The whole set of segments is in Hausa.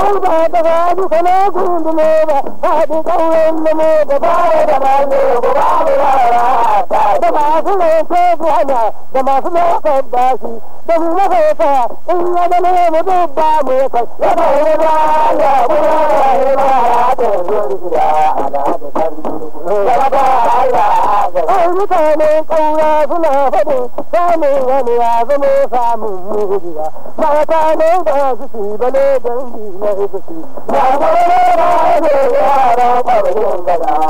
an ba da ba ni kana gundu ne ba ba da kauyen ba da ba ne ba ba da da masu ne ko buhana da ba ne da ba maka fa in ya da ne mu da ba mu ka ya ba ya ba ya ba ya ba ya ba ba ya ba ya ba Ai mutanen ƙaura suna faɗin samun wani ya zama samun mujiya. Mata ne ba su shi bale dangi na isusi. Na zaune ba ne yara ɓarfin gada.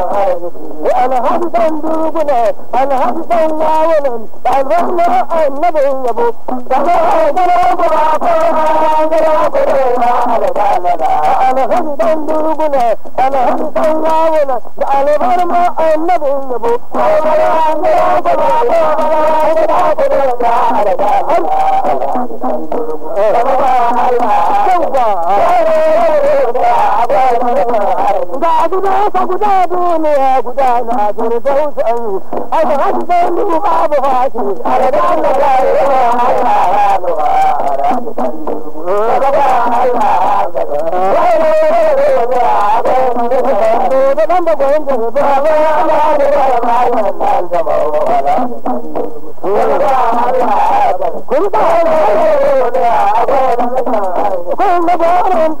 وانا حافظ عن دروبنا انا حافظ عن العالم الرحمة النبي يبو كما اعدنا برعفانا انا حافظ عن دروبنا انا حافظ عن العالم الرحمة النبي يبو كما اعدنا برعفانا انا حافظ عن العالم a guda ka guda duniya guda na firdausan a da babu a da dan da ya yi wa haka ya ba a da san da ba haka da dan da goyin da ba ba ala da ba ma yan da ba ba da kun ba da da ba